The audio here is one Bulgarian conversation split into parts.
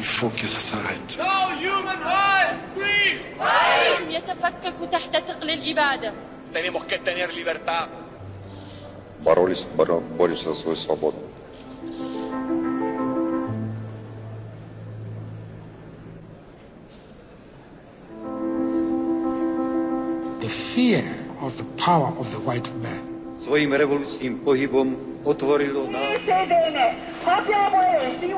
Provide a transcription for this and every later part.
Il faut que ça s'arrête. No human rights! Free! العالم يتفكك تحت ثقل الإبادة. Tenemos que tener libertad. Боролись, боролись за свою свободу. The fear of the power of the white man. Своим революционным погибом отворило нам...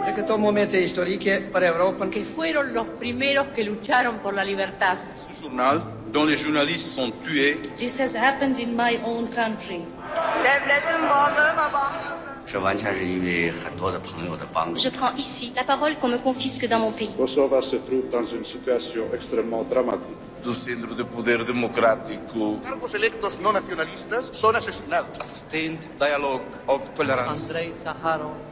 De que todo momento historique para Europa. Que fueron los primeros que lucharon por la libertad. Ce journal, donde los journalistes son tués. This has happened in my own country. Je prends ici la parole qu'on me confisque dans mon pays. Kosovo se trouve dans une situation extrêmement dramatique. Du centre de pouvoir démocratique. Cargos electos non nacionalistas sont asesinados. A sustained dialogue of tolerance. Andrei Saharov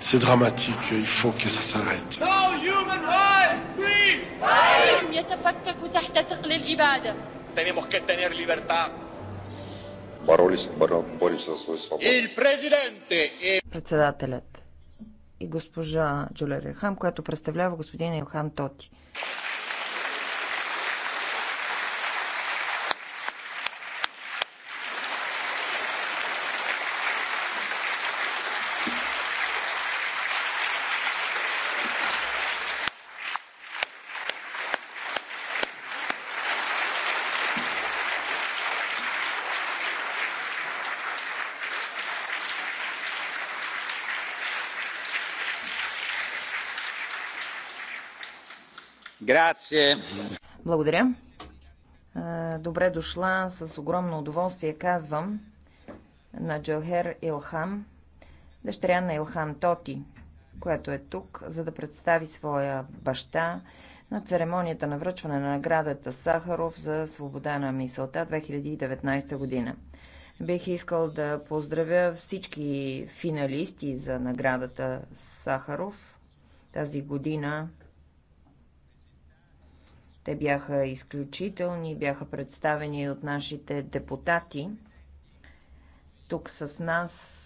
C'est dramatique, il faut que ça s'arrête. عالم يتفكك تحت ثقل الإبادة Tenemos que tener libertad. Председателят и госпожа Джулерия Хам, която представлява господин Илхан Тоти. Грация. Благодаря. Добре дошла. С огромно удоволствие казвам на Джохер Илхам, дъщеря на Илхам Тоти, която е тук, за да представи своя баща на церемонията на връчване на наградата Сахаров за свобода на мисълта 2019 година. Бих искал да поздравя всички финалисти за наградата Сахаров тази година те бяха изключителни, бяха представени от нашите депутати тук с нас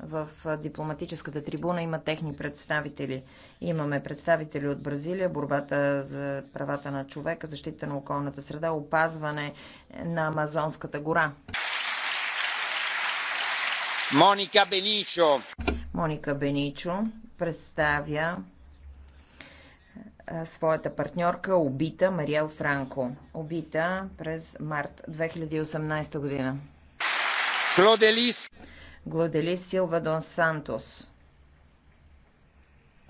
в дипломатическата трибуна има техни представители. Имаме представители от Бразилия, борбата за правата на човека, защита на околната среда, опазване на Амазонската гора. Моника Беничо. Моника Беничо представя своята партньорка, убита Мариел Франко. Убита през март 2018 година. Глоделис. Глоделис Силва Дон Сантос.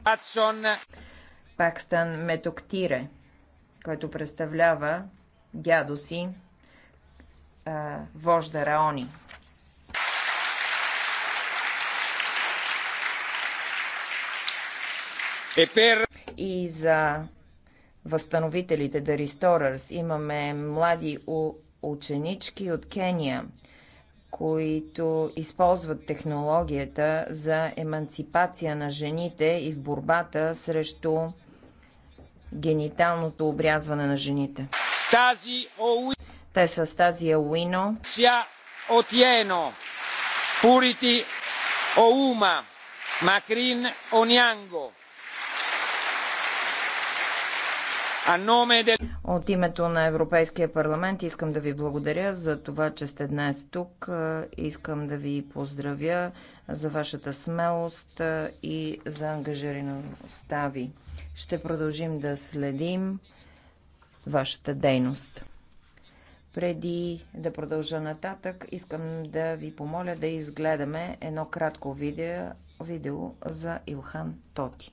Патсон. Пакстан Метоктире, който представлява дядо си, а, вожда Раони. Епер и за възстановителите, The Restorers. Имаме млади ученички от Кения, които използват технологията за еманципация на жените и в борбата срещу гениталното обрязване на жените. Стази Оуи... Те са Стази Ауино, Ся Отиено, Пурити Оума, Макрин Онянго, От името на Европейския парламент искам да ви благодаря за това, че сте днес тук. Искам да ви поздравя за вашата смелост и за ангажираността ви. Ще продължим да следим вашата дейност. Преди да продължа нататък, искам да ви помоля да изгледаме едно кратко видео, видео за Илхан Тоти.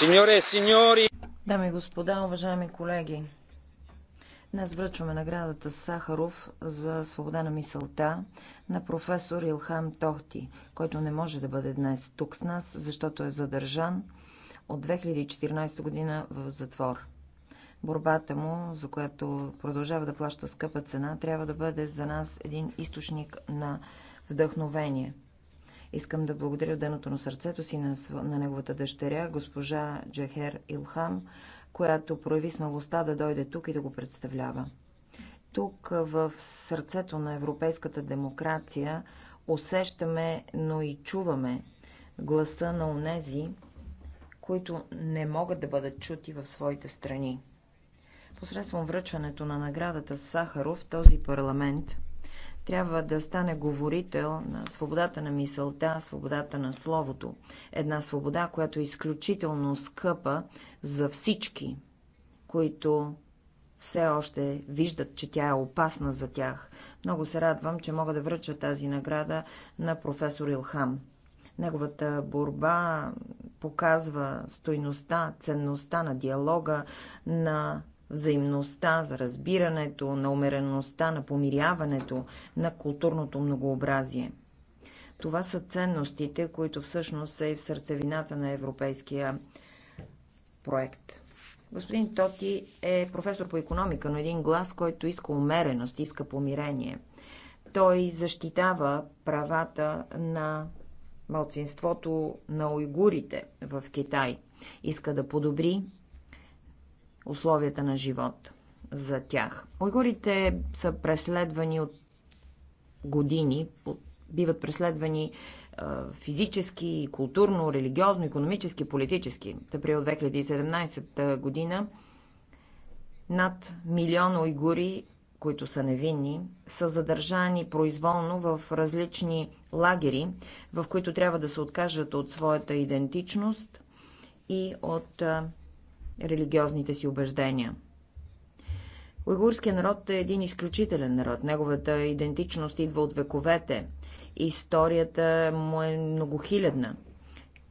Синьоре и синьори! Дами и господа, уважаеми колеги, днес връчваме наградата Сахаров за свобода на мисълта на професор Илхан Тохти, който не може да бъде днес тук с нас, защото е задържан от 2014 година в затвор. Борбата му, за която продължава да плаща скъпа цена, трябва да бъде за нас един източник на вдъхновение – Искам да благодаря деното на сърцето си на, на неговата дъщеря, госпожа Джехер Илхам, която прояви смелостта да дойде тук и да го представлява. Тук, в сърцето на европейската демокрация, усещаме, но и чуваме гласа на онези, които не могат да бъдат чути в своите страни. Посредством връчването на наградата Сахаров, този парламент трябва да стане говорител на свободата на мисълта, свободата на словото. Една свобода, която е изключително скъпа за всички, които все още виждат, че тя е опасна за тях. Много се радвам, че мога да връча тази награда на професор Илхам. Неговата борба показва стойността, ценността на диалога, на взаимността, за разбирането, на умереността, на помиряването, на културното многообразие. Това са ценностите, които всъщност са и в сърцевината на европейския проект. Господин Тоти е професор по економика, но един глас, който иска умереност, иска помирение. Той защитава правата на малцинството на уйгурите в Китай. Иска да подобри условията на живот за тях. Уйгурите са преследвани от години, биват преследвани физически, културно, религиозно, економически, политически. Тъпри от 2017 година над милион уйгури, които са невинни, са задържани произволно в различни лагери, в които трябва да се откажат от своята идентичност и от религиозните си убеждения. Уйгурският народ е един изключителен народ. Неговата идентичност идва от вековете. Историята му е многохилядна.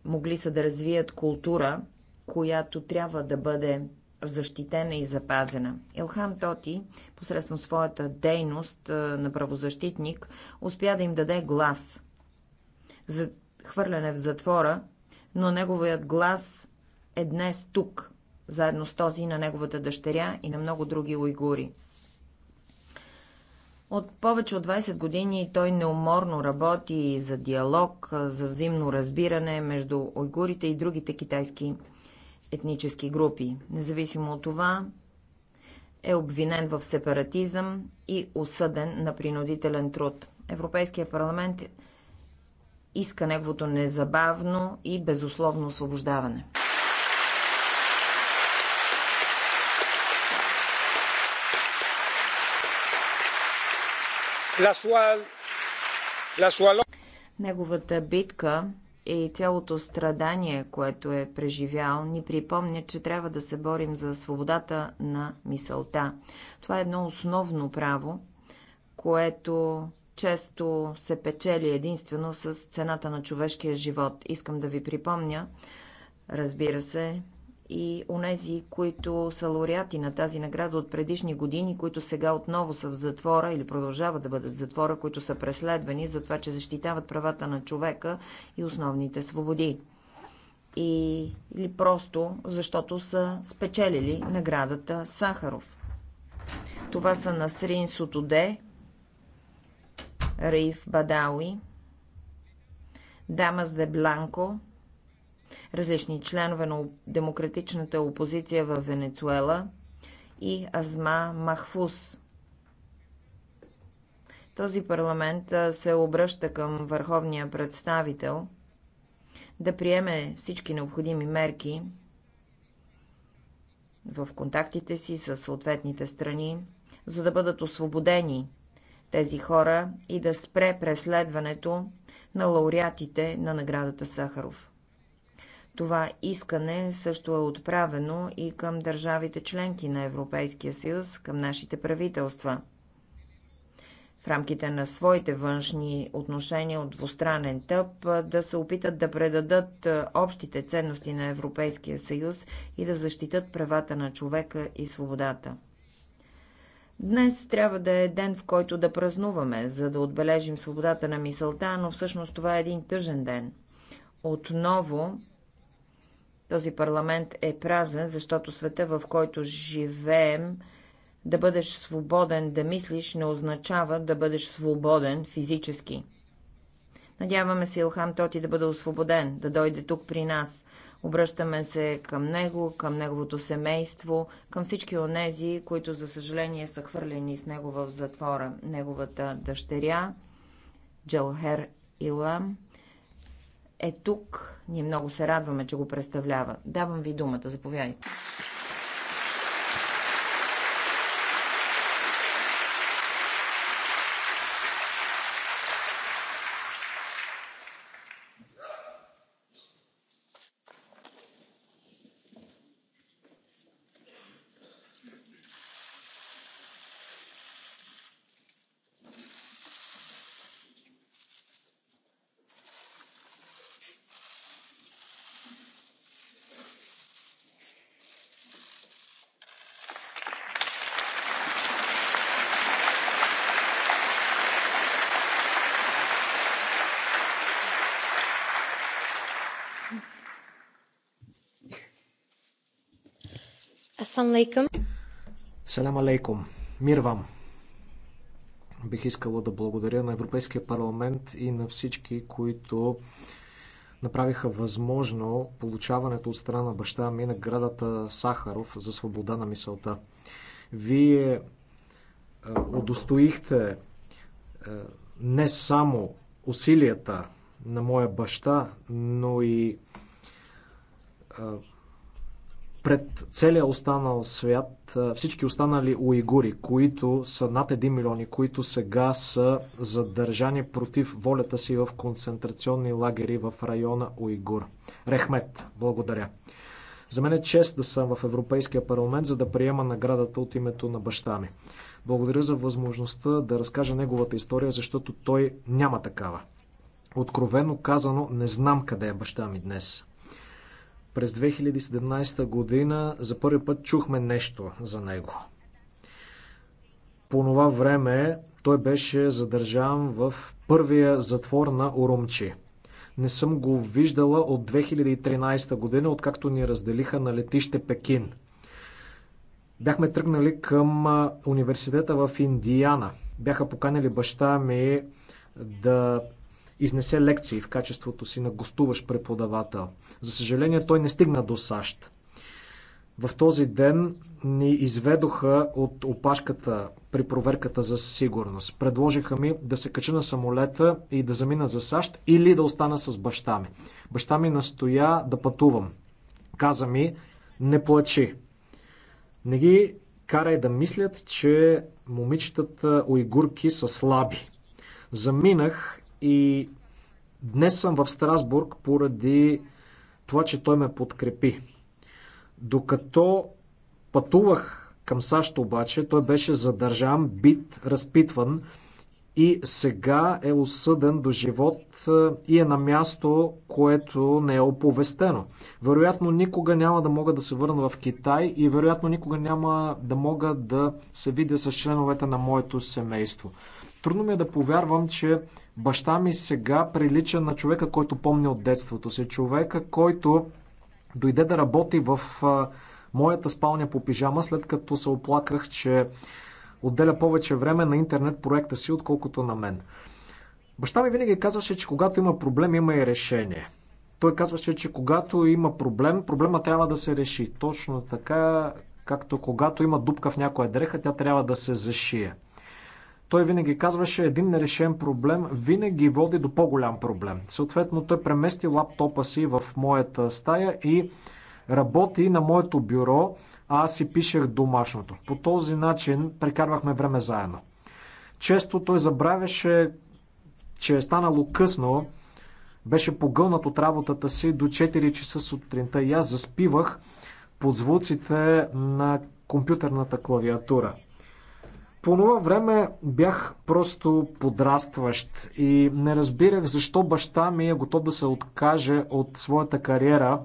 Могли са да развият култура, която трябва да бъде защитена и запазена. Елхам Тоти, посредством своята дейност на правозащитник, успя да им даде глас за хвърляне в затвора, но неговият глас е днес тук, заедно с този на неговата дъщеря и на много други уйгури. От повече от 20 години той неуморно работи за диалог, за взаимно разбиране между уйгурите и другите китайски етнически групи. Независимо от това, е обвинен в сепаратизъм и осъден на принудителен труд. Европейския парламент иска неговото незабавно и безусловно освобождаване. Неговата битка и цялото страдание, което е преживял, ни припомня, че трябва да се борим за свободата на мисълта. Това е едно основно право, което често се печели единствено с цената на човешкия живот. Искам да ви припомня, разбира се, и онези, които са лауреати на тази награда от предишни години, които сега отново са в затвора или продължават да бъдат в затвора, които са преследвани за това, че защитават правата на човека и основните свободи. И, или просто защото са спечелили наградата Сахаров. Това са Насрин Сотоде, Раиф Бадауи, Дамас де Бланко, различни членове на демократичната опозиция в Венецуела и Азма Махфус. Този парламент се обръща към върховния представител да приеме всички необходими мерки в контактите си с съответните страни, за да бъдат освободени тези хора и да спре преследването на лауреатите на наградата Сахаров. Това искане също е отправено и към държавите членки на Европейския съюз, към нашите правителства. В рамките на своите външни отношения от двустранен тъп да се опитат да предадат общите ценности на Европейския съюз и да защитат правата на човека и свободата. Днес трябва да е ден, в който да празнуваме, за да отбележим свободата на мисълта, но всъщност това е един тъжен ден. Отново този парламент е празен, защото света, в който живеем, да бъдеш свободен, да мислиш, не означава да бъдеш свободен физически. Надяваме се Илхам Тоти да бъде освободен, да дойде тук при нас. Обръщаме се към него, към неговото семейство, към всички онези, които за съжаление са хвърлени с него в затвора. Неговата дъщеря, Джалхер Илам, е тук. Ние много се радваме, че го представлява. Давам ви думата. Заповядайте. Асан алейкум. Салам алейкум. Мир вам. Бих искала да благодаря на Европейския парламент и на всички, които направиха възможно получаването от страна на баща ми на градата Сахаров за свобода на мисълта. Вие е, удостоихте е, не само усилията на моя баща, но и е, пред целия останал свят всички останали уйгури, които са над 1 милион и които сега са задържани против волята си в концентрационни лагери в района Уйгур. Рехмет, благодаря. За мен е чест да съм в Европейския парламент, за да приема наградата от името на баща ми. Благодаря за възможността да разкажа неговата история, защото той няма такава. Откровено казано, не знам къде е баща ми днес. През 2017 година за първи път чухме нещо за него. По това време той беше задържан в първия затвор на Урумчи. Не съм го виждала от 2013 година, откакто ни разделиха на летище Пекин. Бяхме тръгнали към университета в Индиана. Бяха поканили баща ми да изнесе лекции в качеството си на гостуващ преподавател. За съжаление, той не стигна до САЩ. В този ден ни изведоха от опашката при проверката за сигурност. Предложиха ми да се кача на самолета и да замина за САЩ или да остана с баща ми. Баща ми настоя да пътувам. Каза ми, не плачи. Не ги карай да мислят, че момичетата уйгурки са слаби. Заминах и днес съм в Страсбург поради това, че той ме подкрепи. Докато пътувах към САЩ обаче, той беше задържан, бит, разпитван и сега е осъден до живот е, и е на място, което не е оповестено. Вероятно никога няма да мога да се върна в Китай и вероятно никога няма да мога да се видя с членовете на моето семейство. Трудно ми е да повярвам, че Баща ми сега прилича на човека, който помня от детството си. Човека, който дойде да работи в моята спалня по пижама, след като се оплаках, че отделя повече време на интернет проекта си, отколкото на мен. Баща ми винаги казваше, че когато има проблем, има и решение. Той казваше, че когато има проблем, проблема трябва да се реши. Точно така, както когато има дупка в някоя дреха, тя трябва да се зашие. Той винаги казваше, един нерешен проблем винаги води до по-голям проблем. Съответно, той премести лаптопа си в моята стая и работи на моето бюро, а аз си пишех домашното. По този начин прекарвахме време заедно. Често той забравяше, че е станало късно, беше погълнат от работата си до 4 часа сутринта и аз заспивах под звуците на компютърната клавиатура – по това време бях просто подрастващ и не разбирах защо баща ми е готов да се откаже от своята кариера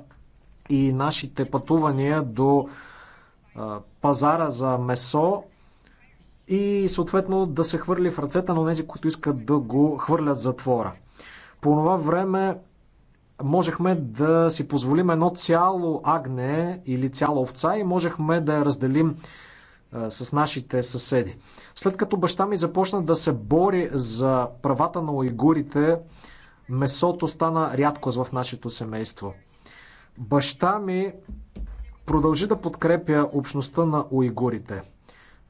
и нашите пътувания до а, пазара за месо и съответно да се хвърли в ръцете на тези, които искат да го хвърлят затвора. По това време можехме да си позволим едно цяло агне или цяло овца и можехме да я разделим с нашите съседи. След като баща ми започна да се бори за правата на уйгурите, месото стана рядкост в нашето семейство. Баща ми продължи да подкрепя общността на уйгурите.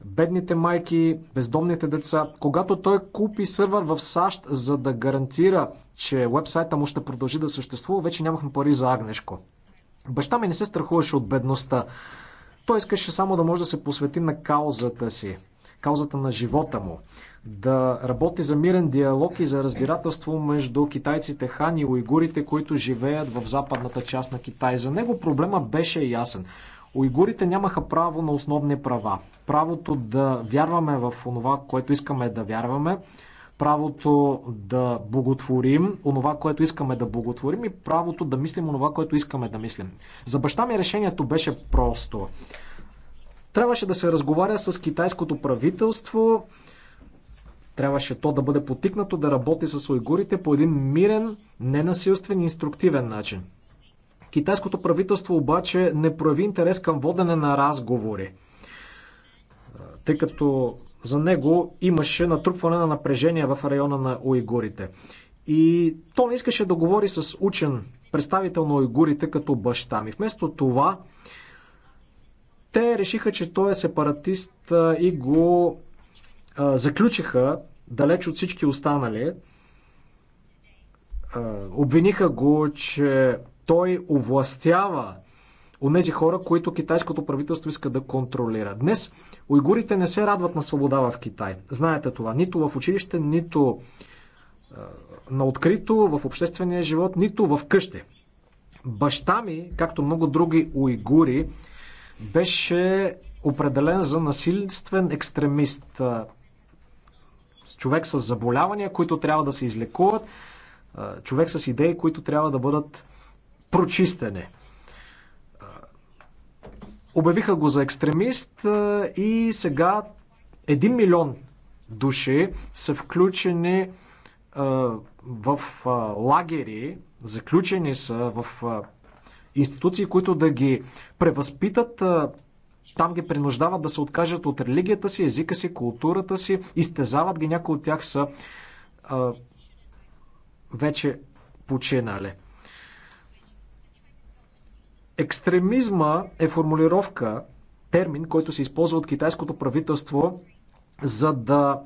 Бедните майки, бездомните деца. Когато той купи сървър в САЩ, за да гарантира, че вебсайта му ще продължи да съществува, вече нямахме пари за агнешко. Баща ми не се страхуваше от бедността. Той искаше само да може да се посвети на каузата си, каузата на живота му, да работи за мирен диалог и за разбирателство между китайците хани и уйгурите, които живеят в западната част на Китай. За него проблема беше ясен. Уйгурите нямаха право на основни права. Правото да вярваме в това, което искаме да вярваме, правото да боготворим онова, което искаме да боготворим и правото да мислим онова, което искаме да мислим. За баща ми решението беше просто. Трябваше да се разговаря с китайското правителство, трябваше то да бъде потикнато да работи с уйгурите по един мирен, ненасилствен и инструктивен начин. Китайското правителство обаче не прояви интерес към водене на разговори тъй като за него имаше натрупване на напрежение в района на уйгурите. И то не искаше да говори с учен представител на уйгурите като баща ми. Вместо това, те решиха, че той е сепаратист и го а, заключиха далеч от всички останали. А, обвиниха го, че той овластява онези хора, които китайското правителство иска да контролира. Днес уйгурите не се радват на свобода в Китай. Знаете това. Нито в училище, нито на открито, в обществения живот, нито в къще. Баща ми, както много други уйгури, беше определен за насилствен екстремист. Човек с заболявания, които трябва да се излекуват, човек с идеи, които трябва да бъдат прочистени. Обявиха го за екстремист и сега 1 милион души са включени в лагери, заключени са в институции, които да ги превъзпитат, там ги принуждават да се откажат от религията си, езика си, културата си, изтезават ги, някои от тях са вече починали. Екстремизма е формулировка, термин, който се използва от китайското правителство, за да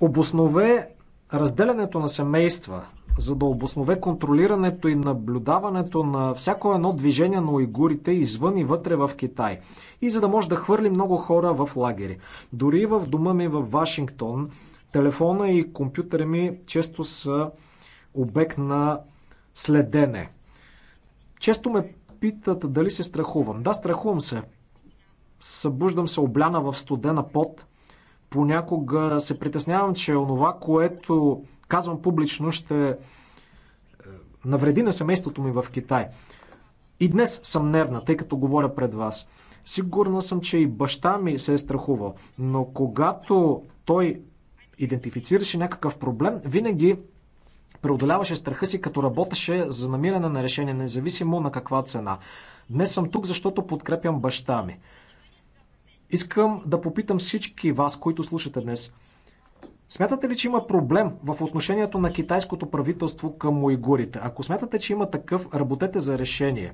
обоснове разделянето на семейства, за да обоснове контролирането и наблюдаването на всяко едно движение на уйгурите извън и вътре в Китай. И за да може да хвърли много хора в лагери. Дори в дома ми в Вашингтон, телефона и компютъра ми често са обект на следене. Често ме питат дали се страхувам. Да, страхувам се. Събуждам се обляна в студена пот. Понякога се притеснявам, че онова, което казвам публично, ще е, навреди на семейството ми в Китай. И днес съм нервна, тъй като говоря пред вас. Сигурна съм, че и баща ми се е страхувал. Но когато той идентифицираше някакъв проблем, винаги преодоляваше страха си, като работеше за намиране на решение, независимо на каква цена. Днес съм тук, защото подкрепям баща ми. Искам да попитам всички вас, които слушате днес. Смятате ли, че има проблем в отношението на китайското правителство към уйгурите? Ако смятате, че има такъв, работете за решение.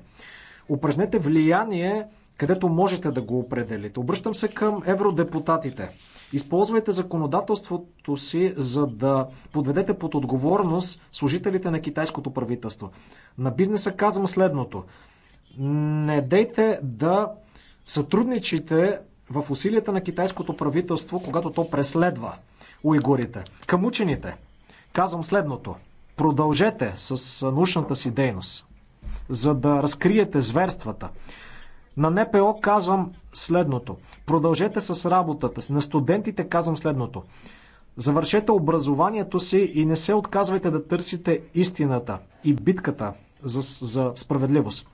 Упражнете влияние където можете да го определите. Обръщам се към евродепутатите. Използвайте законодателството си, за да подведете под отговорност служителите на китайското правителство. На бизнеса казвам следното. Не дейте да сътрудничите в усилията на китайското правителство, когато то преследва уйгурите. Към учените казвам следното. Продължете с научната си дейност, за да разкриете зверствата. На НПО казвам следното. Продължете с работата си. На студентите казвам следното. Завършете образованието си и не се отказвайте да търсите истината и битката за, за справедливост.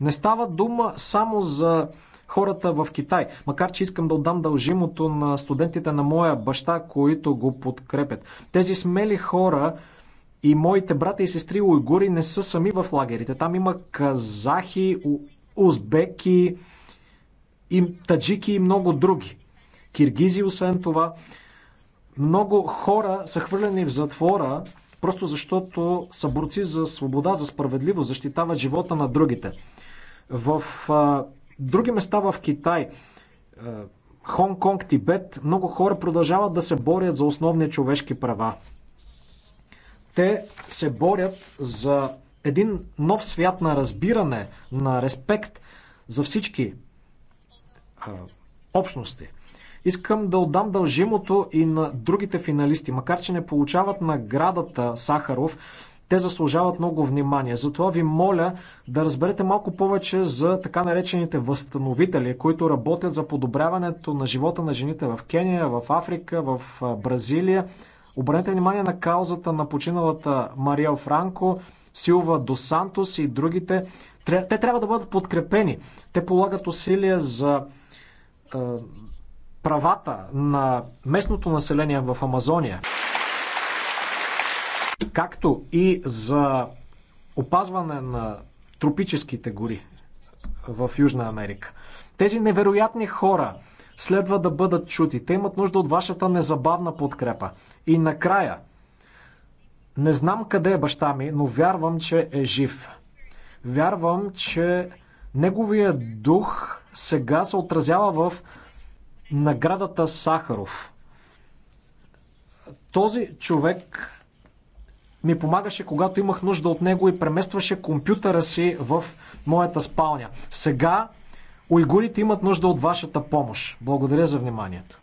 Не става дума само за хората в Китай, макар че искам да отдам дължимото на студентите на моя баща, които го подкрепят. Тези смели хора и моите брата и сестри уйгури не са сами в лагерите. Там има казахи, узбеки, и таджики и много други. Киргизи, освен това, много хора са хвърлени в затвора, просто защото са борци за свобода, за справедливост, защитават живота на другите. В а, други места в Китай, Хонг Конг, Тибет, много хора продължават да се борят за основни човешки права. Те се борят за един нов свят на разбиране, на респект за всички а, общности. Искам да отдам дължимото и на другите финалисти. Макар, че не получават наградата Сахаров, те заслужават много внимание. Затова ви моля да разберете малко повече за така наречените възстановители, които работят за подобряването на живота на жените в Кения, в Африка, в Бразилия. Обърнете внимание на каузата на починалата Мария Франко, Силва до Сантос и другите. Те трябва да бъдат подкрепени. Те полагат усилия за е, правата на местното население в Амазония, както и за опазване на тропическите гори в Южна Америка. Тези невероятни хора, следва да бъдат чути. Те имат нужда от вашата незабавна подкрепа. И накрая, не знам къде е баща ми, но вярвам, че е жив. Вярвам, че неговия дух сега се отразява в наградата Сахаров. Този човек ми помагаше, когато имах нужда от него и преместваше компютъра си в моята спалня. Сега Уйгурите имат нужда от вашата помощ. Благодаря за вниманието.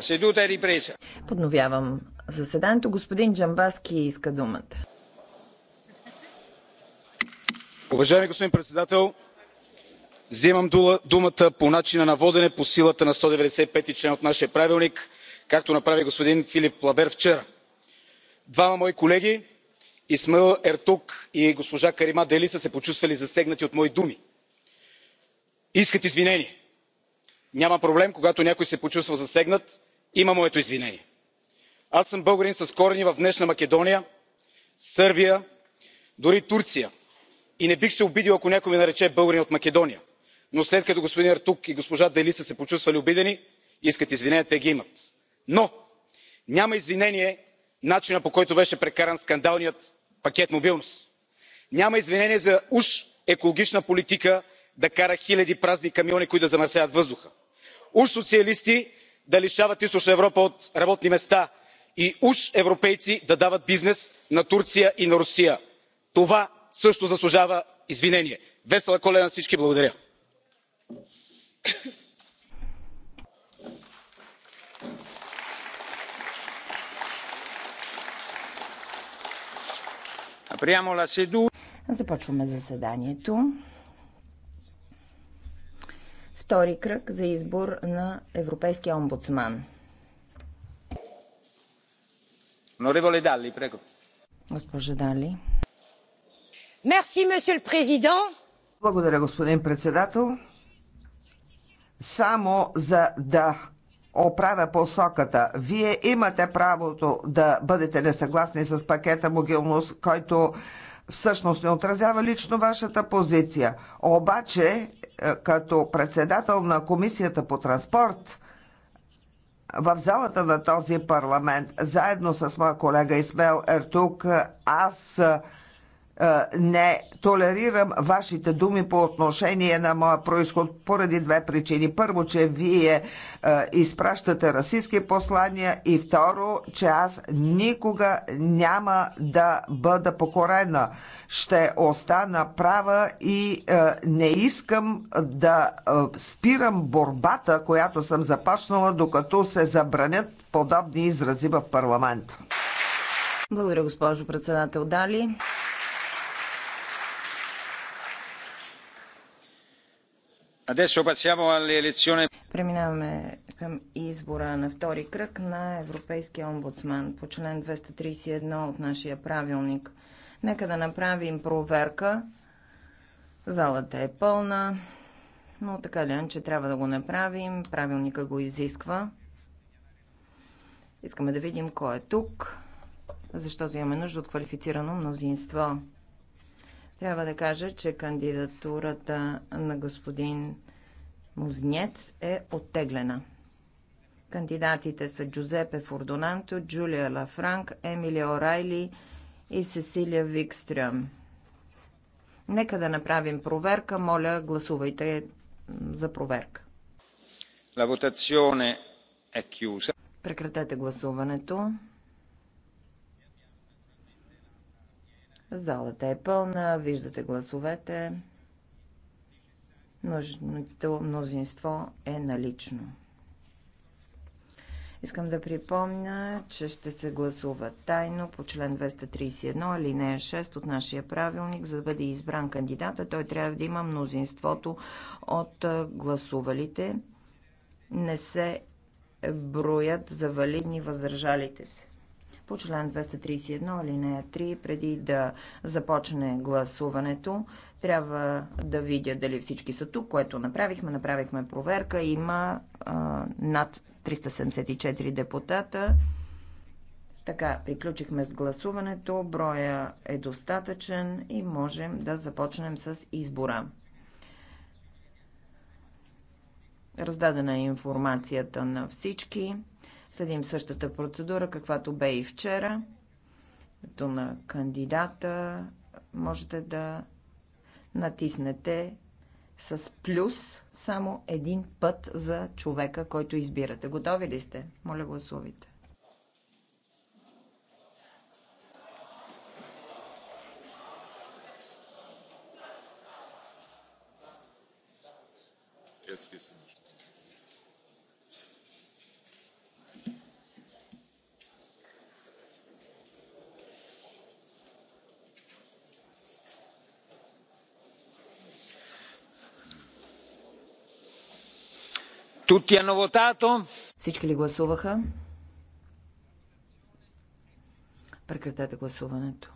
Седута е Подновявам заседанието. Господин Джамбаски иска думата. Уважаеми господин председател, вземам думата по начина на водене по силата на 195 195 член от нашия правилник, както направи господин Филип Лабер вчера. Двама мои колеги, Исмаил Ертук и госпожа Карима Дели, са се почувствали засегнати от мои думи. Искат извинение няма проблем когато някой се почувства засегнат има моето извинение. аз съм българин с корени в днешна македония сърбия дори турция и не бих се обидил ако някой ме нарече българин от македония но след като господин ертук и госпожа дели са се почувствали обидени и искат извинение те ги имат. но няма извинение начинът по който беше прекаран скандалният пакет мобилност. няма извинение за уж екологична политика да кара хиляди празни камиони които да замърсяват въздуха уж социалисти да лишават източна европа от работни места и уж европейци да дават бизнес на турция и на русия. това също заслужава извинение. весела коледа на всички! благодаря. започваме заседанието втори кръг за избор на Европейския омбудсман. Honorevole Dalli, prego. Госпожа Дали. Merci, monsieur le président. Благодаря, господин председател. Само за да оправя посоката. Вие имате правото да бъдете несъгласни с пакета мобилност, който всъщност не отразява лично вашата позиция. Обаче, е, като председател на Комисията по транспорт, в залата на този парламент, заедно с моя колега Исмел Ертук, аз е, е, не толерирам вашите думи по отношение на моя происход поради две причини. Първо, че вие е, изпращате расистски послания и второ, че аз никога няма да бъда покорена. Ще остана права и е, не искам да спирам борбата, която съм започнала, докато се забранят подобни изрази в парламент. Благодаря, госпожо председател Дали. Преминаваме към избора на втори кръг на Европейския омбудсман по член 231 от нашия правилник. Нека да направим проверка. Залата е пълна, но така ли, че трябва да го направим. Правилника го изисква. Искаме да видим кой е тук, защото имаме нужда от квалифицирано мнозинство. Трябва да кажа, че кандидатурата на господин Музнец е оттеглена. Кандидатите са Джузепе Фордонанто, Джулия Лафранк, Емилия Орайли и Сесилия Викстрюм. Нека да направим проверка. Моля, гласувайте за проверка. La votazione è chiusa. Прекратете гласуването. Залата е пълна, виждате гласовете. Нужното мнозинство е налично. Искам да припомня, че ще се гласува тайно по член 231, алинея 6 от нашия правилник. За да бъде избран кандидата, той трябва да има мнозинството от гласувалите. Не се броят за валидни въздържалите се по член 231 алинея 3. Преди да започне гласуването, трябва да видя дали всички са тук, което направихме. Направихме проверка. Има а, над 374 депутата. Така, приключихме с гласуването, броя е достатъчен и можем да започнем с избора. Раздадена е информацията на всички. Следим същата процедура, каквато бе и вчера. Като на кандидата можете да натиснете с плюс само един път за човека, който избирате. Готови ли сте? Моля, гласувайте. Jetzt съм. Tutti hanno votato? Всички ли гласуваха? Прекратете гласуването.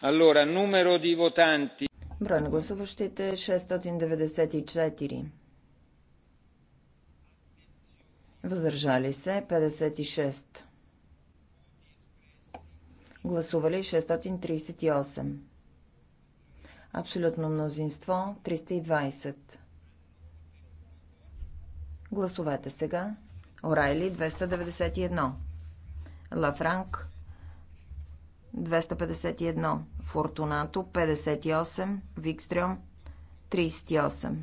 Allora, numero di votanti. Брой на гласуващите е 694. Въздържали се 56. Гласували 638. Абсолютно мнозинство 320. Гласовете сега. Орайли 291. Лафранк 251. Фортунато 58. Викстрем 38.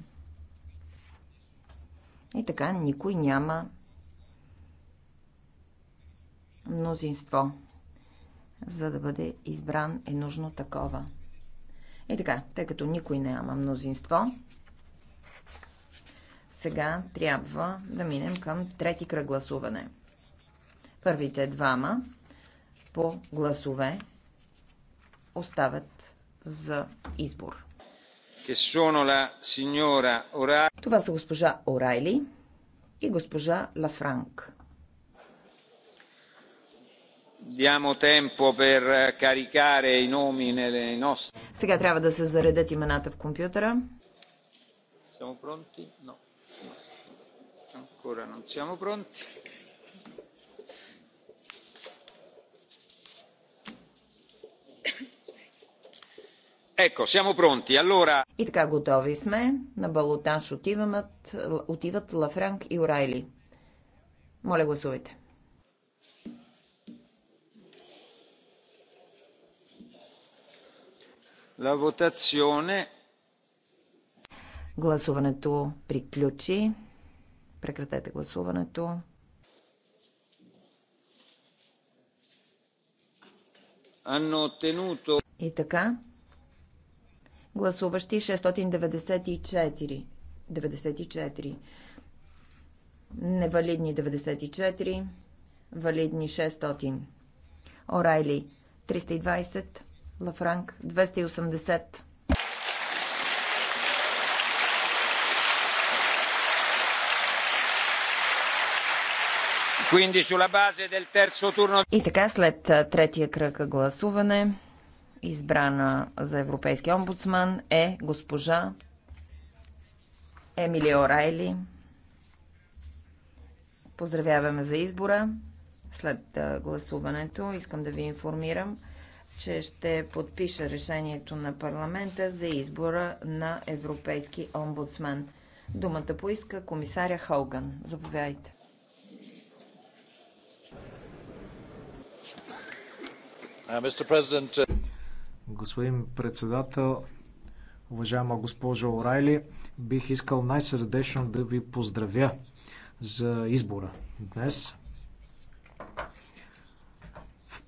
И така никой няма мнозинство. За да бъде избран е нужно такова. И така, тъй като никой няма мнозинство, сега трябва да минем към трети кръг гласуване. Първите двама по гласове остават за избор. Това са госпожа Орайли и госпожа Лафранк. Сега трябва да се заредят имената в компютъра. Siamo pronti? No. Ancora non siamo pronti. Ecco, siamo pronti. Allora... И така готови сме. На балотаж отиват, отиват Лафранк и Орайли. Моля гласувайте. Гласуването приключи. Прекратете гласуването. И така. Гласуващи 694. 94. Невалидни 94. Валидни 600. Орайли 320. Лафранк 280. И така след третия кръг гласуване, избрана за Европейски омбудсман е госпожа Емили Орайли. Поздравяваме за избора. След гласуването искам да ви информирам, че ще подпиша решението на парламента за избора на европейски омбудсман. Думата поиска комисаря Хоган. Заповядайте. Uh, uh, Господин председател, уважаема госпожо Орайли, бих искал най-сърдечно да ви поздравя за избора днес.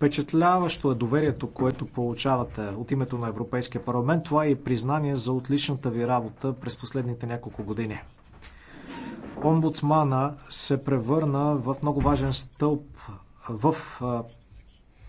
Впечатляващо е доверието, което получавате от името на Европейския парламент. Това е и признание за отличната ви работа през последните няколко години. Омбудсмана се превърна в много важен стълб в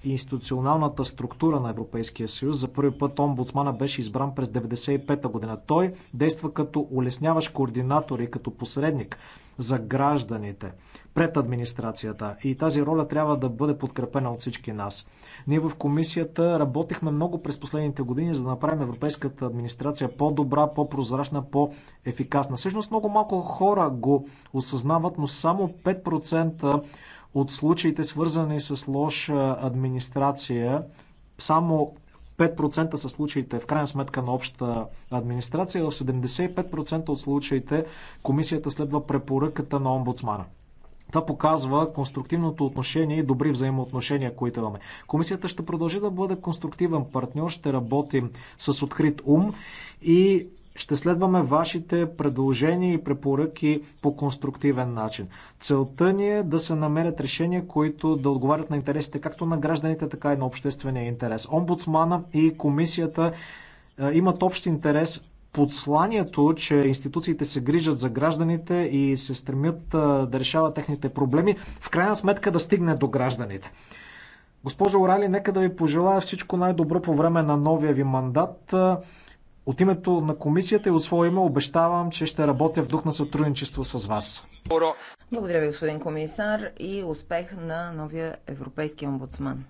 институционалната структура на Европейския съюз. За първи път омбудсмана беше избран през 1995 година. Той действа като улесняващ координатор и като посредник за гражданите пред администрацията. И тази роля трябва да бъде подкрепена от всички нас. Ние в комисията работихме много през последните години, за да направим европейската администрация по-добра, по-прозрачна, по-ефикасна. Всъщност много малко хора го осъзнават, но само 5% от случаите свързани с лоша администрация, само 5% са случаите в крайна сметка на общата администрация, в 75% от случаите комисията следва препоръката на омбудсмана. Това показва конструктивното отношение и добри взаимоотношения, които имаме. Комисията ще продължи да бъде конструктивен партньор, ще работим с открит ум и ще следваме вашите предложения и препоръки по конструктивен начин. Целта ни е да се намерят решения, които да отговарят на интересите както на гражданите, така и на обществения интерес. Омбудсмана и комисията е, имат общ интерес подсланието, че институциите се грижат за гражданите и се стремят е, да решават техните проблеми, в крайна сметка да стигне до гражданите. Госпожо Орали, нека да ви пожелая всичко най-добро по време на новия ви мандат. Е, от името на комисията и от своя име обещавам, че ще работя в дух на сътрудничество с вас. Благодаря ви, господин комисар, и успех на новия европейски омбудсман.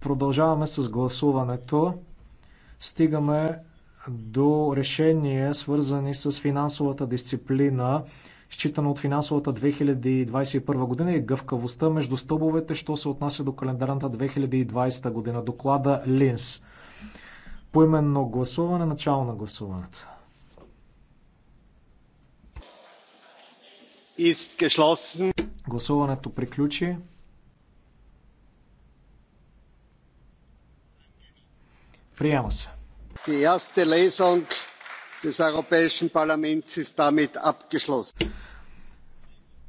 Продължаваме с гласуването. Стигаме до решения, свързани с финансовата дисциплина, считано от финансовата 2021 година и гъвкавостта между стълбовете, що се отнася до календарната 2020 година. Доклада Линс. Поименно гласуване, начало на гласуването. Ist geschlossen. Гласуването приключи. Приема се. Die erste Lesung des Europäischen Parlaments ist damit abgeschlossen.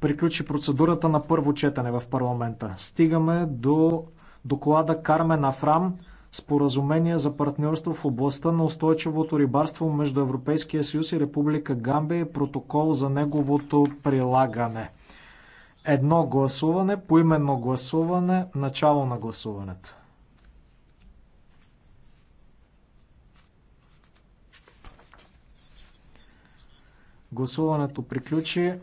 Приключи процедурата на първо четене в парламента. Стигаме до доклада Кармен Афрам споразумение за партньорство в областта на устойчивото рибарство между Европейския съюз и Република Гамбия и протокол за неговото прилагане. Едно гласуване, поименно гласуване, начало на гласуването. Гласуването приключи.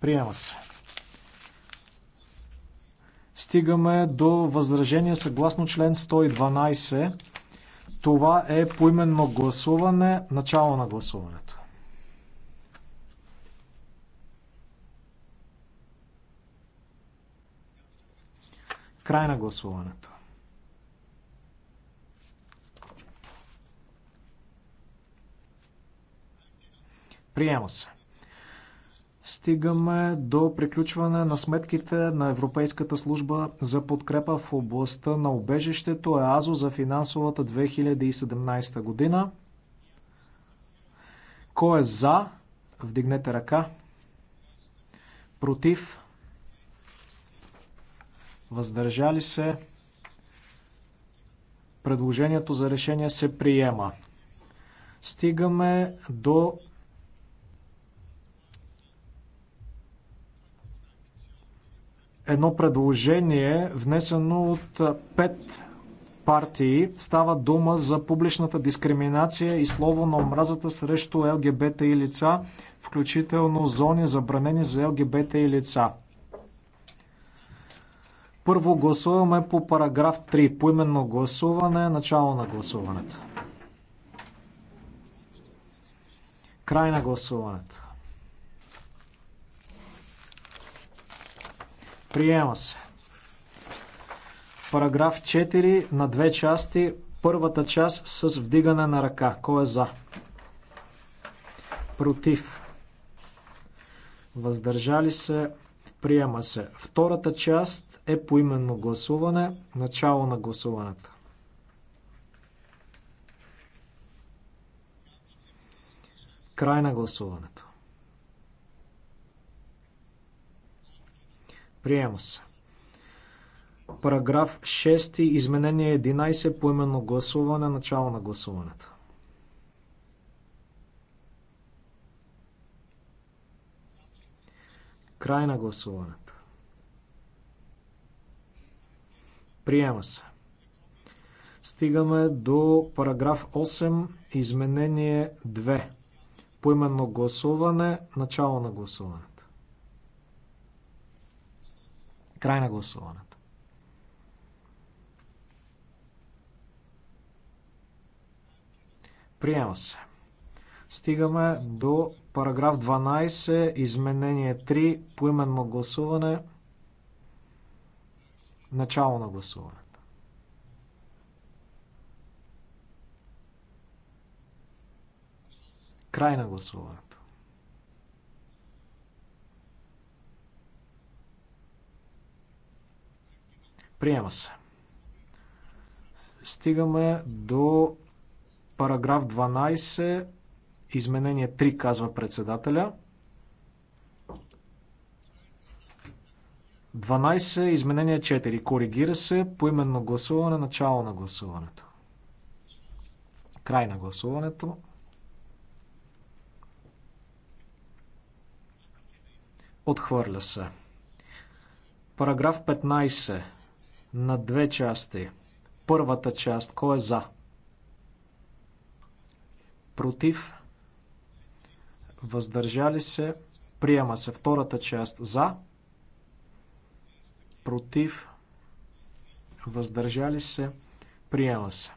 Приема се. Стигаме до възражение съгласно член 112 това е поименно гласуване, начало на гласуването. Край на гласуването. Приема се стигаме до приключване на сметките на Европейската служба за подкрепа в областта на убежището ЕАЗО за финансовата 2017 година. Кой е за? Вдигнете ръка. Против? Въздържали се? Предложението за решение се приема. Стигаме до едно предложение, внесено от пет партии. Става дума за публичната дискриминация и слово на омразата срещу ЛГБТ и лица, включително зони забранени за ЛГБТ и лица. Първо гласуваме по параграф 3. Поименно гласуване, начало на гласуването. Край на гласуването. Приема се. Параграф 4 на две части. Първата част с вдигане на ръка. Кой е за? Против. Въздържали се. Приема се. Втората част е поименно гласуване. Начало на гласуването. Край на гласуването. Приема се. Параграф 6. Изменение 11. Поименно гласуване. Начало на гласуването. Край на гласуването. Приема се. Стигаме до параграф 8, изменение 2. Поименно гласуване, начало на гласуването. Край на гласуването. Приема се. Стигаме до параграф 12, изменение 3, поименно гласуване, начало на гласуването. Край на гласуването. Приема се. Стигаме до параграф 12, изменение 3, казва председателя. 12, изменение 4. Коригира се по именно гласуване, начало на гласуването. Край на гласуването. Отхвърля се. Параграф 15 на две части. Първата част, кой е за? Против? Въздържали се? Приема се втората част за? Против? Въздържали се? Приема се.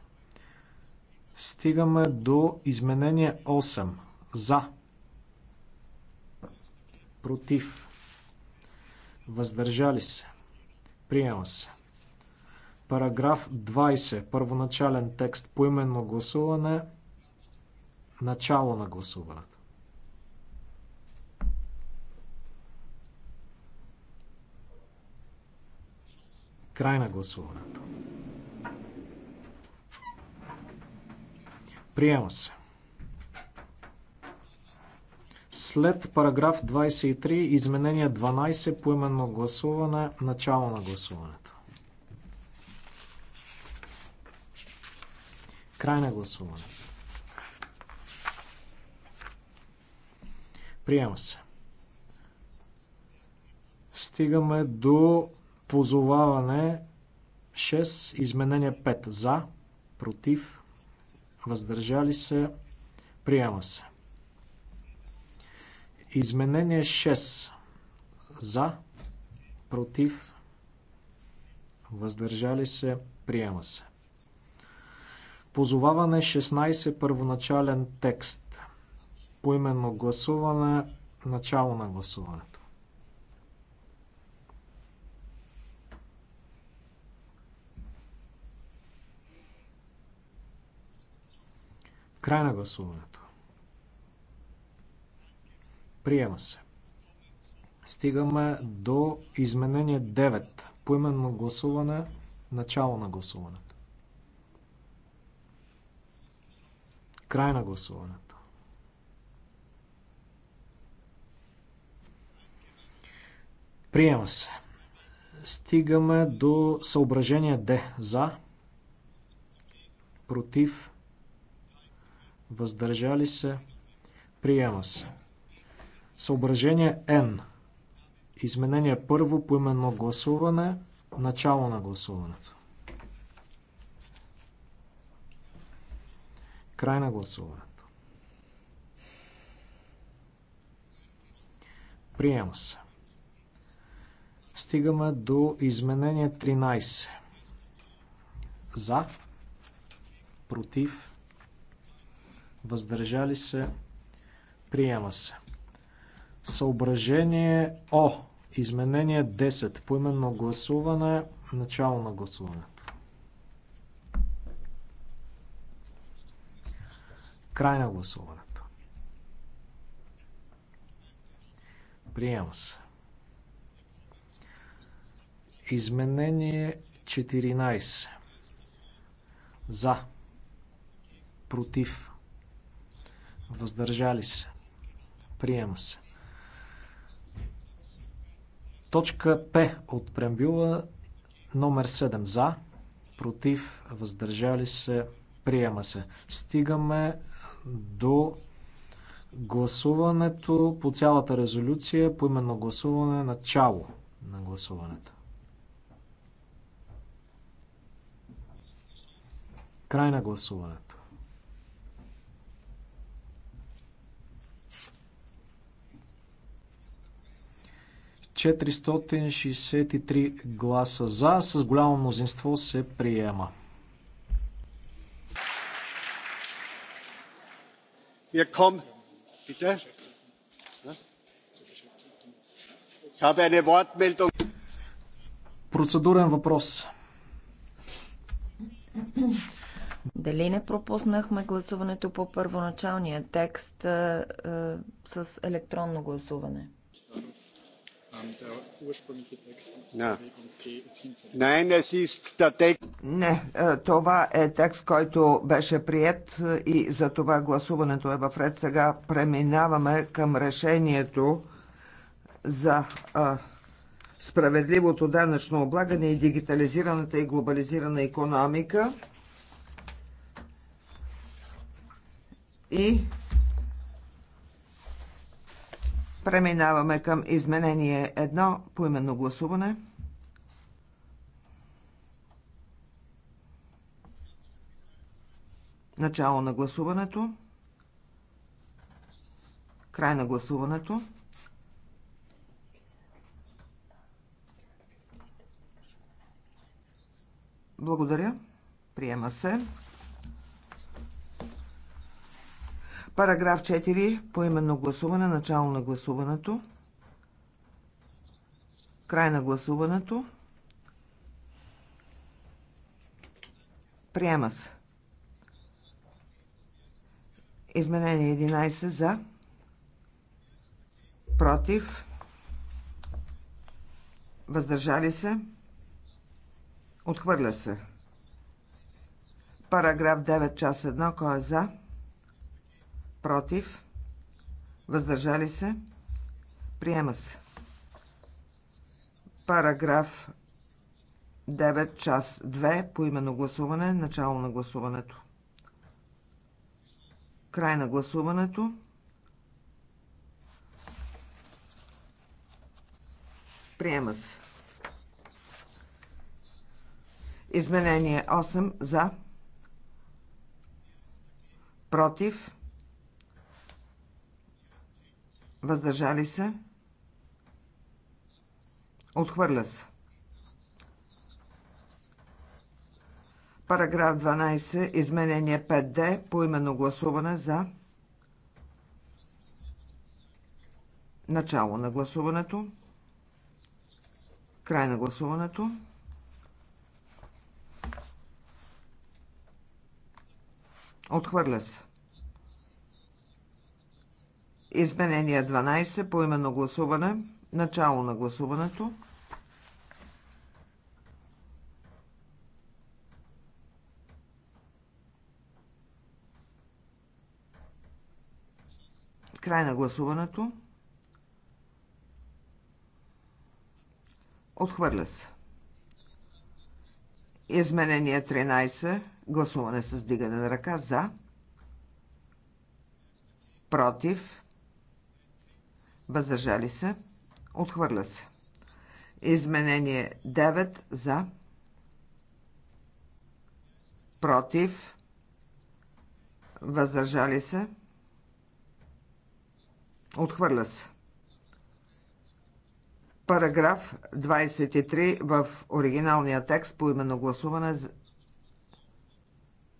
Стигаме до изменение 8. За. Против. Въздържали се. Приема се. Параграф 20. Първоначален текст. Поименно гласуване. Начало на гласуването. Край на гласуването. Приема се. След параграф 23, изменение 12, поименно гласуване, начало на гласуването. Край на гласуване. Приема се. Стигаме до позоваване 6, изменение 5 за, против, въздържали се, приема се. Изменение 6 за, против, въздържали се, приема се. Позоваване 16 първоначален текст. Поименно гласуване, начало на гласуването. Край на гласуването. Приема се. Стигаме до изменение 9. Поименно гласуване, начало на гласуването. Край на гласуването. Приема се. Стигаме до съображение Д. За. Против. Въздържали се. Приема се. Съображение Н. Изменение първо по именно гласуване. Начало на гласуването. Край на гласуването. Приема се. Стигаме до изменение 13. За, против, въздържали се, приема се. Съображение О. Изменение 10. Поименно гласуване. Начало на гласуване. Край на гласуването. Приема се. Изменение 14. За. Против. Въздържали се. Приема се. Точка П от прембюла номер 7. За. Против. Въздържали се. Приема се. Стигаме до гласуването по цялата резолюция, по именно гласуване, начало на гласуването. Край на гласуването. Четиристотин гласа за, с голямо мнозинство се приема. wir kommen bitte ich habe eine wortmeldung процедурен въпрос дали не пропуснахме гласуването по първоначалния текст а, а, с електронно гласуване? Не, е, това е текст, който беше прият е, и за това гласуването е в ред. Сега преминаваме към решението за е, справедливото данъчно облагане и дигитализираната и глобализирана економика. И Преминаваме към изменение 1 по именно гласуване. Начало на гласуването. Край на гласуването. Благодаря. Приема се. Параграф 4. Поименно гласуване. Начало на гласуването. Край на гласуването. Приема се. Изменение 11 за. Против. Въздържали се. Отхвърля се. Параграф 9, час 1. Кой е за? против, въздържали се, приема се. Параграф 9, час 2, по именно гласуване, начало на гласуването. Край на гласуването. Приема се. Изменение 8 за. Против въздържали се, отхвърля се. Параграф 12, изменение 5D, по именно гласуване за начало на гласуването, край на гласуването. Отхвърля се. Изменение 12 по именно гласуване. Начало на гласуването. Край на гласуването. Отхвърля се. Изменение 13. Гласуване с дигане на ръка за. Против въздържали се, отхвърля се. Изменение 9 за, против, въздържали се, отхвърля се. Параграф 23 в оригиналния текст по именно гласуване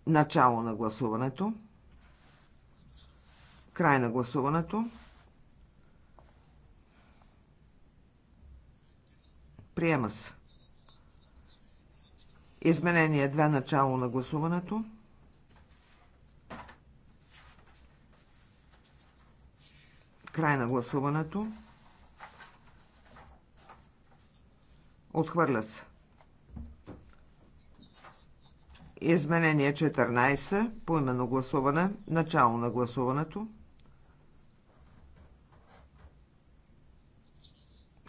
начало на гласуването край на гласуването Приема се. Изменение 2. Начало на гласуването. Край на гласуването. Отхвърля се. Изменение 14. по именно гласуване. Начало на гласуването.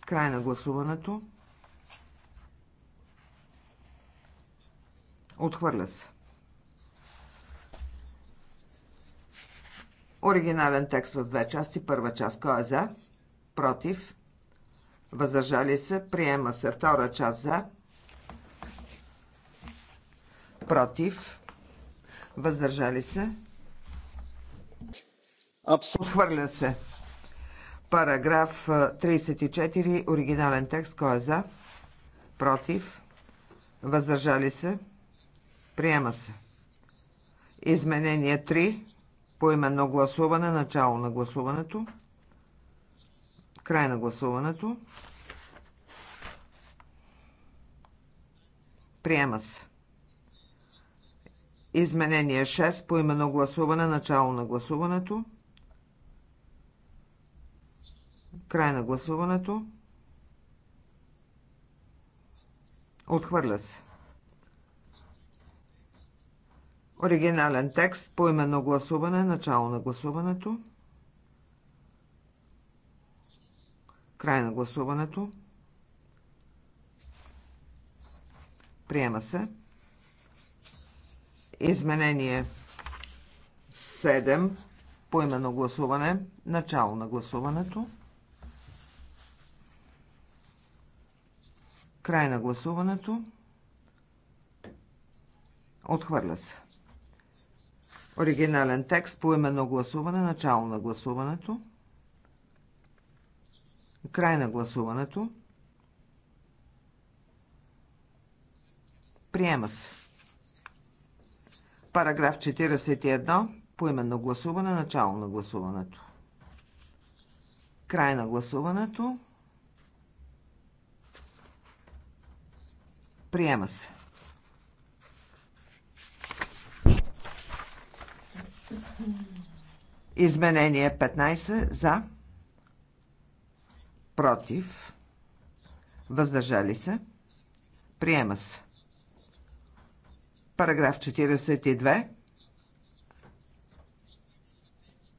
Край на гласуването. Отхвърля се. Оригинален текст в две части. Първа част. Кой е за? Против. Въздържали се. Приема се. Втора част за. Против. Въздържали се. Отхвърля се. Параграф 34. Оригинален текст. Кой е за? Против. Въздържали се. Приема се. Изменение 3. Поименно гласуване. Начало на гласуването. Край на гласуването. Приема се. Изменение 6. Поименно гласуване. Начало на гласуването. Край на гласуването. Отхвърля се. Оригинален текст по именно гласуване, начало на гласуването. Край на гласуването. Приема се. Изменение 7 по гласуване, начало на гласуването. Край на гласуването. Отхвърля се. Оригинален текст по именно гласуване, начало на гласуването, край на гласуването. Приема се. Параграф 41. Поименно гласуване. Начало на гласуването. Край на гласуването. Приема се. Изменение 15 за, против, въздържали се, приема се. Параграф 42.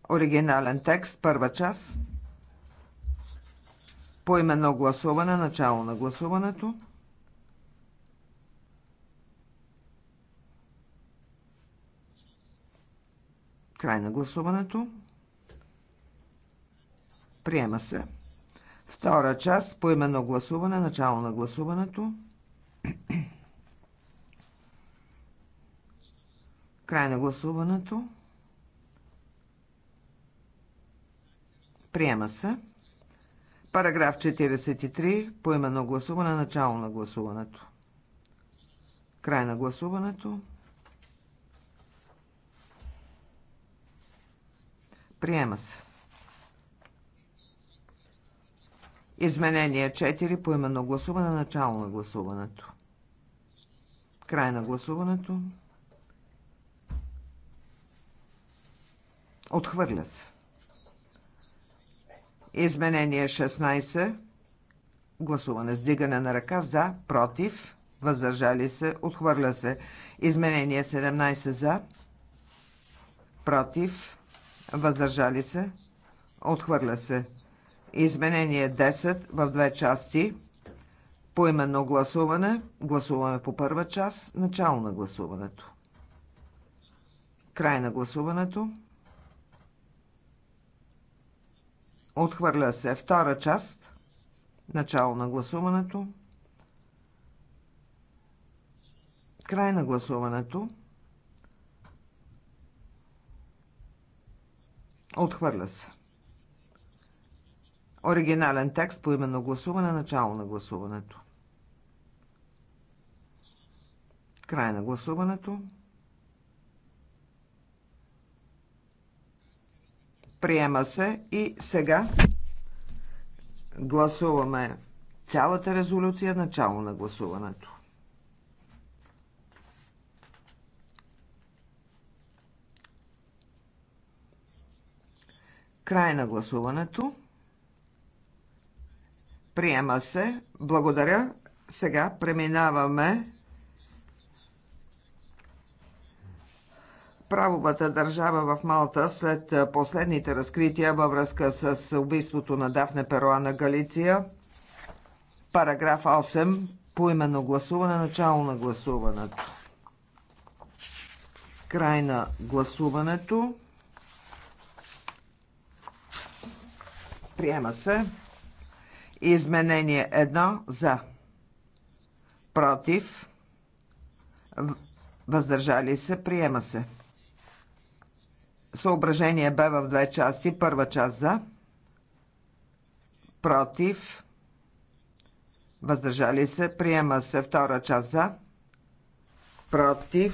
Оригинален текст, първа част. Поименно гласуване, начало на гласуването. Край на гласуването. Приема се. Втора част, по именно гласуване, начало на гласуването. Край на гласуването. Приема се. Параграф 43, по именно гласуване, начало на гласуването. Край на гласуването. Приема се. Изменение 4 по именно гласуване, начало на гласуването. Край на гласуването. Отхвърля се. Изменение 16. Гласуване с дигане на ръка за, против, въздържали се, отхвърля се. Изменение 17 за, против, въздържали се, отхвърля се. Изменение 10 в две части. Поименно гласуване. Гласуваме по първа част. Начало на гласуването. Край на гласуването. Отхвърля се втора част. Начало на гласуването. Край на гласуването. Отхвърля се. Оригинален текст по именно гласуване, начало на гласуването. Край на гласуването. Приема се и сега гласуваме цялата резолюция, начало на гласуването. Край на гласуването. Приема се. Благодаря. Сега преминаваме правовата държава в Малта след последните разкрития във връзка с убийството на Дафне Перуана Галиция. Параграф 8. Поименно гласуване. Начало на гласуването. Край на гласуването. Приема се. Изменение 1 за. Против. Въздържали се. Приема се. Съображение Б в две части. Първа част за. Против. Въздържали се. Приема се. Втора част за. Против